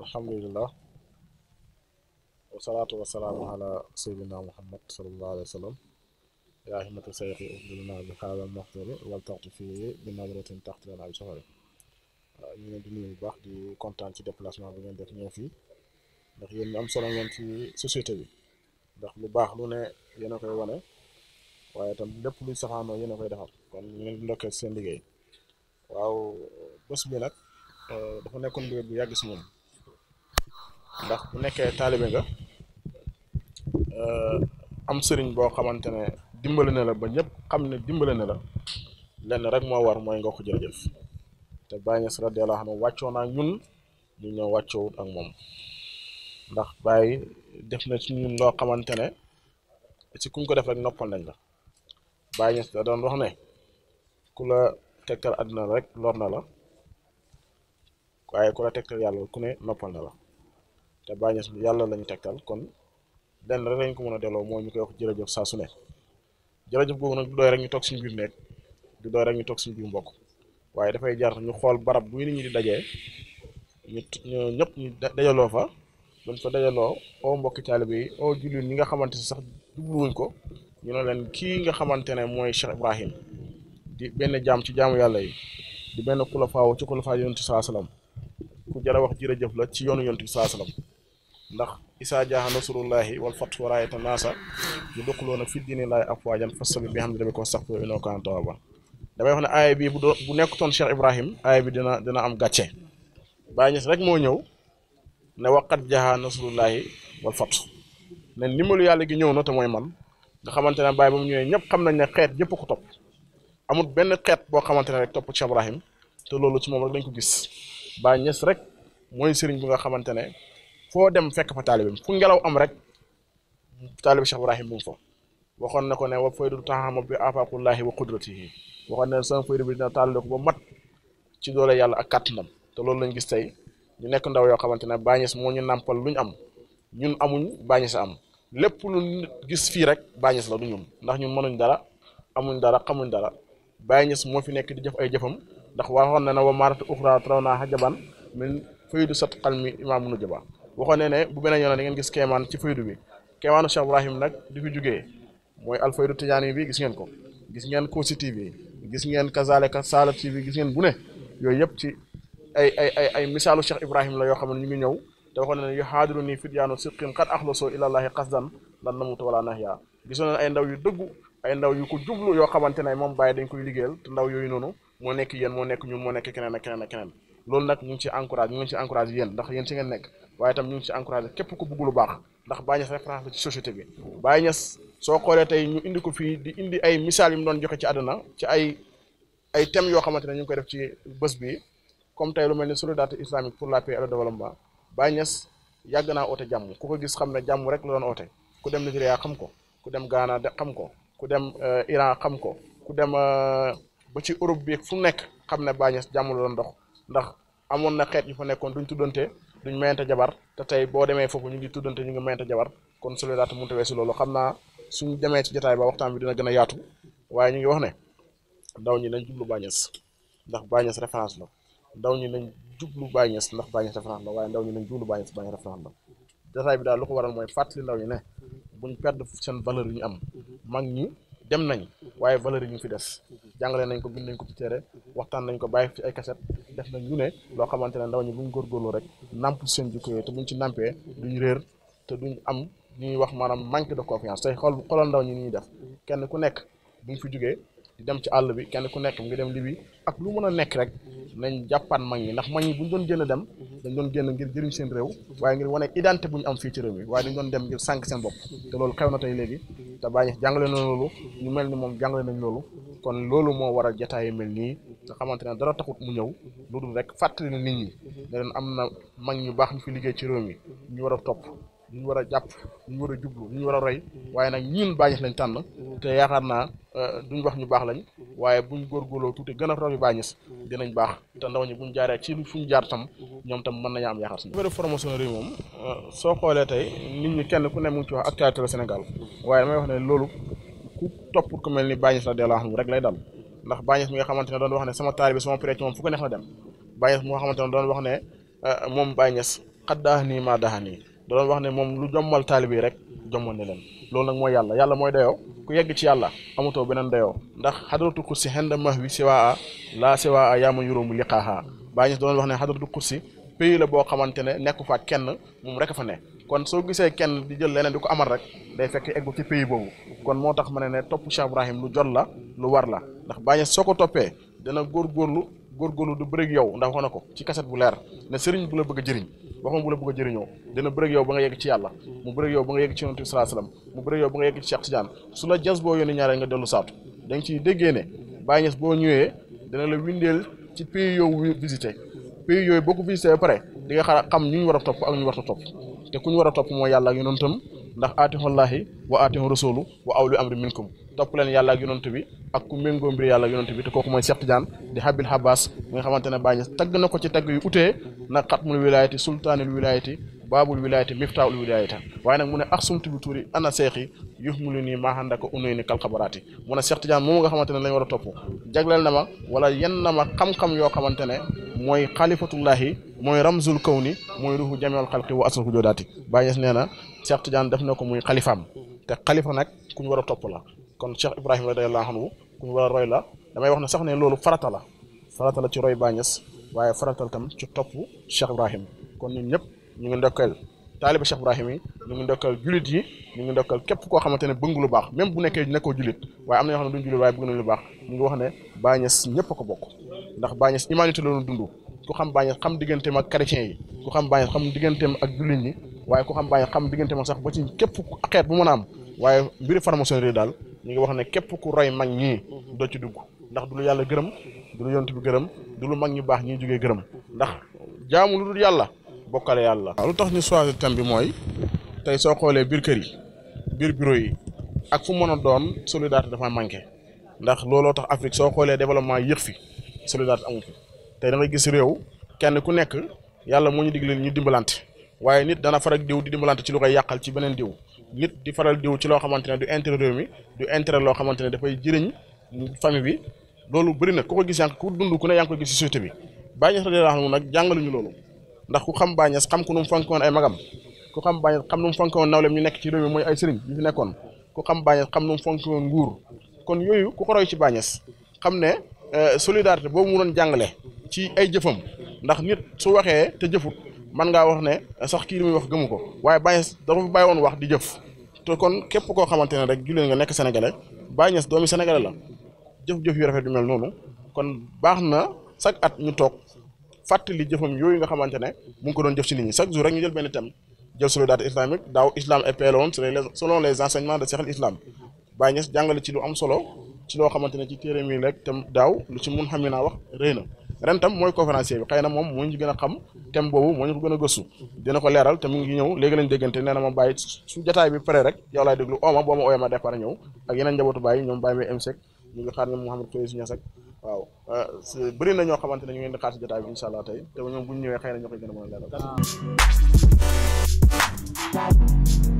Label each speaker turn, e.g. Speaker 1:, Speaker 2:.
Speaker 1: الحمد لله والصلاة والسلام على سيدنا محمد صلى الله عليه وسلم يا أهمة سيخي أفضلنا بهذا المحضر والتغط فيه بنظرة تحت لنا بشهر من الدنيا البحر دي كونتان في دبلاس ما بغين دك نيو في دخل ينام سلام ينتي سوسيتي دخل باخلوني ينوكي واني waaye itam lépp luy safaanoo yéen a koy defal kon ñu ngi ndokkee seen liggéey waaw bés bi nag euh, dafa nekkoon liggéey bu yàgg si ndax bu nekkee taalibe nga euh, am sëriñ boo xamante ne dimbale na la ba ñëpp xam ne dimbale na la lenn rek moo war mooy nga ko jërëjëf te Baye Niass radiyallahu anhu wàccoo naa ñun ñu ñëw wàccoowut ak moom ndax Baye def na ci ñun loo xamante ne ci kuñ ko def rek noppal nañ la bàyyi da doon wax ne ku la tegtal àdduna rek lor na la waaye ku la tegtal yàlla ku ne noppal na la te bàyyi yàlla lañu tegtal kon lenn rek lañ ko mën a delloo mooy ñu koy wax jërëjëf saa su ne jërëjëf googu nag du doy rek ñu toog suñu biir nekk du doy rek ñu toog suñu biir mbokk waaye dafay jar ñu xool barab bu nit ñi di dajee ñu ñu ñëpp ñu dajaloo fa buñ fa dajaloo oo mbokki taalibe yi oo jullit ñi nga xamante si sax jubluwuñ ko ñu ne leen kii nga xamante ne mooy Cheikh Ibrahim di benn jaam ci jaamu yàlla yi di benn kulafaaw ci kulafaaw yonent saa salaam ku jara wax jërëjëf la ci yoonu yonent saa salaam ndax isaa jaaha nasrullahi wal fath wa raayata naasa ñu duqaloon a fi diini laay afwaajan fastabi bi hamdi rabbika wastaghfirhu innahu kaana tawwaaba damay wax ne aaya bi bu nekk toon Cheikh Ibrahim aaya bi dina dina am gàcce baa Ñas rek moo ñëw ne waqat jaaha nasrullahi wal fath ne ndimbalu yàlla gi ñëw na mooy man nga xamante ne Baye ba mu ñëwee ñëpp xam nañ ne xeet yëpp ko topp amul benn xeet boo xamante ne rek topp Cheikh Ibrahim te loolu ci moom rek lañ ko gis baa Niass rek mooy sëriñ bi nga xamante ne foo dem fekk fa taalibeem fu ngelaw am rek taalibe Cheikh Ibrahim bu mu fa waxoon na ko ne wa faydu taxama bi afaqullahi wa qudratihi waxoon ne sama faydu bi dina tàllale ko ba mat ci doole yàlla ak kàttanam te loolu lañ gis tey ñu nekk ndaw yoo xamante ne Baye Niass moo ñu nàmpal lu ñu am ñun amuñ Baye Niass am lépp lu gis fii rek Baye Niass la du ñun ndax ñun mënuñ dara amuñ dara xamuñ dara Baye Niass moo fi nekk di jëf ay jëfam ndax waxoon na ne wa maaratu uxra traw naa xajaban min du sat xal mi imaam nu jaba waxoon ne ne bu beneen yoon da ngeen gis keemaan ci faydu bi keemaanu Cheikh Ibrahim nag di fi jugee mooy alfaydu tijaani bi gis ngeen ko gis ngeen Kossy TV gis ngeen kazalika Sala TV gis ngeen bu ne yooyu yëpp ci ay ay ay ay misaalu Cheikh Ibrahim la yoo xam ne ñu ngi ñëw te waxoon na ne yuxaadiru nii fidyaanu sidqin qad axlasoo ilallaahi qasdan lan namuta wala nahya gisoon nañ ay ndaw yu dëggu ay ndaw yu ko jublu yoo xamante ne moom bàyyi dañ koy liggéeyal te ndaw yooyu noonu moo nekk yen moo nekk ñun moo nekk keneen ak keneen ak keneen loolu nag ñu ngi ci encourage ñu ngi ci encourage yéen ndax yéen ci ngeen nekk waaye itam ñu ngi ci encourage képp ku bëgg baax ndax Baye Niass référence la ci société bi Baye Niass soo xoolee tey ñu indi ko fii di indi ay misaal yu mu doon joxe ci àdduna ci ay ay thèmes yoo xamante ne ñu ngi koy def ci bés bi comme tey lu mel ni solidarité islamique pour la paix et le développement Baye Niass yàgg naa oote jàmm ku ko gis xam ne jàmm rek la doon oote ku dem Nigeria xam ko ku dem Ghana de xam ko ku dem euh, Iran xam ko ku dem euh, ba ci Europe bi fu mu nekk xam ne Baye Niass jàmm la doon dox ndax amoon na xeet fo fa nekkoon duñ tuddante duñ mayante jabar te tey boo demee foofu ñu ngi tuddante ñu ngi mayante jabar kon su daata mënut a weesu loolu xam na suñ demee ci jotaay ba waxtaan bi dina gën a yaatu waaye ñu ngi wax ne ndaw ñi nañ jublu Baye Niass ndax Baye Niass référence la. ndaw ñi nañ jublu Baay Ñas ndax Baay Ñas référence la waaye ndaw ñi nañ jublu Baay Ñas Baay Ñas référence la jotaay bi daal lu ko waral mooy fàttali ndaw ñi ne buñ perdre seen valeur yi ñu am mag ñi dem nañ waaye valeur yi ñu fi des jàngalee nañ ko bind nañ ko ci waxtaan nañ ko bàyyi ci ay kaset def nañ ñu ne loo xamante ne ndaw ñi buñ góorgóorlu rek namp seen jikko yooyu te buñ ci nampee duñ réer te duñ am ñuy wax maanaam manque de confiance tey xool xoolal ndaw ñi ni ñuy def kenn ku nekk buñ fi jógee di dem ci àll bi kenn ku nekk mu ngi dem libi ak lu mën a nekk rek nañ jàppaan mag ñi ndax mag ñi bu ñu doon génn dem dañ doon génn ngir jëriñ seen réew waaye ngir wone identité bu ñu am fii ci réew mi waaye dañ doon dem ngir sànq seen bopp te loolu xew na tey léegi te bàyyi jàngale na loolu ñu mel ni moom jàngale nañ loolu kon loolu moo waral jataay mel nii nga xamante ne dara taxut mu ñëw lu dul rek fàttali na nit ñi ne leen am na mag ñu baax ñu fi liggéey ci réew mi ñu war a topp ñu war a jàpp ñu war a jublu ñu war a roy waaye nag ñun bàññees lañ tànn te yaakaar naa euh, duñ wax ñu baax lañ waaye buñ góorgóorloo tuuti gën a roy bàññees dinañ baax te ndaw ñi buñ jaaree ci fu ñu jaar tam ñoom tam mën nañu am yaakaar si numéro formation réew moom euh, soo xoolee tey nit ñi kenn ku ne mu ngi ci wax actualité la Sénégal waaye damay wax ne loolu ku topp ku mel ni bàññees la deelaa xam rek lay dal ndax bàññees mi nga xamante ne doon wax ne sama taalibe sama prêtre moom fu ko neex na dem bàññees mi xamante ne doon wax ne euh, moom bàññees xat daa ni maa da doon wax ne moom lu jommal taalib yi rek jommal ne leen loolu nag mooy yàlla yàlla mooy dayoo ku yegg ci yàlla amutoo beneen dayoo ndax xadratu kursi xenda mah wi siwaa laa siwaa yaa ma yuróomu liqaaha bàyyi ñu doon wax ne xadratu kursi pays la boo xamante ne nekku faat kenn moom rek a fa ne kon soo gisee kenn di jël leneen di ko amal rek day fekk eggu ci pays boobu kon moo tax ma ne ne topp Cheikh Ibrahim lu jot la lu war la ndax bàyyi soo ko toppee góorgóorlu du bëreeg yow ndax wax na ko ci kaset bu leer ne sëriñ bu la bëgg a jëriñ waxuma bu la bëgg a jëriñoo dina bëreeg yow ba nga yegg ci yàlla mu bëreeg yow ba nga yegg ci yonent bi salaa salaam mu bëreeg ba nga yegg ci Cheikh Tidiane su la jas boo yónni ñaareel nga dellu saatu da nga déggee ne Baye Niass boo ñëwee dina la windeel ci pays yow visité pays yooyu boo ko visité ba pare di xam ñu war a topp ak ñu war a topp te ku ñu war a topp mooy yàlla ak yonentam ndax aatihullahi wa aatihu rasulu wa awlu amri minkum topp leen yàlla ak yonent bi ak ku méngoo mbir yàlla ak yonent bi te kooku mooy Cheikh Tidiane di Habil mi nga xamante ne bàyyi tagg na ko ci tagg yu utee nag xatmul wilayati baabul wilaayati miftaahul wilaayati waaye nag mu ne ax sumtu bi tuuri ana seex yi yux mu lu nii maaxandako unoy ni kalxabaraat yi Seex Tijaan moomu nga xamante ne lañ topp jagleel na ma wala yenn na ma xam-xam yoo xamante ne mooy xalifatullahi mooy ramzul kawni mooy ruhu jameol xalqi wa asal hujoo daati Baay Ñas nee na Seex Tijaan def na ko muy xalifaam te xalifa nag ku ñu war a topp la kon Cheikh Ibrahima radiyallaahu anhu ku ñu war a roy la damay wax ne sax ne loolu farata la farata la ci roy Baay waaye farata tam ci topp Cheikh Ibrahima kon ñun ñëpp ñu ngi ndokkal taaliba Cheikh Ibrahim yi ñu ngi ndokkal julit yi ñu ngi ndokkal képp koo xamante ne bëgg lu baax même bu nekkee nekkoo julit waaye am na ñoo xam ne duñ julit waaye bëgg nañ lu ñu ngi wax ko bokk ndax bàñes humanité la doon dund ku xam bàñes xam digganteem ak chrétien yi ku xam bàñes xam digganteem ak julit ñi waaye ku xam bàñes xam digganteem ak sax ba ci képp xeet bu mën a am waaye mbiri formation yi daal ñu ngi wax ne képp ku roy mag ñi doo ci dugg ndax du lu yàlla gërëm du lu yont bi gërëm du lu mag ñi baax ñii jógee gërëm ndax jaamu lu yàlla bokale yalla waaw lu tax ñu choisir thème bi moy tay so xoolee bir keur yi bir bureau yi ak fu meuna doon solidarité dafa manké ndax lolo tax Afrique so xoolee développement yéex fi solidarité amu fi tay da nga gis rew kenn ku nek yalla moñu diglé ñu dimbalante waye nit dana faral diw di dimbalante ci lu koy yakal ci benen diw nit di faral diw ci lo xamantene du intérêt rew mi du intérêt lo xamantene da fay jëriñ famille bi lolu bari nak ko ko gis yank ku dund ku ne yank ko gis ci société bi bañu bàyyi ñax nak jangalu ñu lolu ndax ku xam Baay Ñas xam ku nu mu fonkoon ay magam ku xam Baay Ñas xam nu mu fonkoon nawleem ñu nekk ci réew mi mooy ay sëriñ ñu fi nekkoon ku xam Baay xam nu mu fonkoon nguur kon yooyu ku ko roy ci Baay xam ne euh, solidarité boobu mu doon jàngale ci ay jëfam ndax nit su waxee te jëfut man ngaa wax ne sax kii li wax gëmu ko waaye Baay Ñas dafa fi bàyyi woon wax di jëf te kon képp koo xamante ne rek jullit nga nekk sénégalais Baay Ñas doomi sénégalais la jëf-jëf yu rafet yu mel noonu kon baax na chaque at ñu toog fàttali jëfam yooyu nga xamante ne mu ngi ko doon jëf ci nit ñi chaque jour rek ñu jël benn thème jël solidarité islamique daaw islam et paix la woon selon de Cheikh Islam Baye Niass jàngale ci lu am solo ci loo xamante ne ci téere mi rek tam daaw lu ci mun xam naa wax rëy ren tam mooy conférencier bi xëy na moom moo ñu gën a xam thème boobu moo ñu ko gën a gëstu dina ko leeral te mu ngi ñëw léegi lañ déggante nee na ma bàyyi su jotaay bi pare rek yow laay déglu ooma boo ma ooyee ñu ngi xaar ñoom Mouhamed Koyes Niass ak waaw euh, bëri na ñoo xamante ne ñu ngi leen di xaar si jotaay bi incha allah tey te ñoom bu ñu ñëwee na ñoo koy gën a a leeral ah.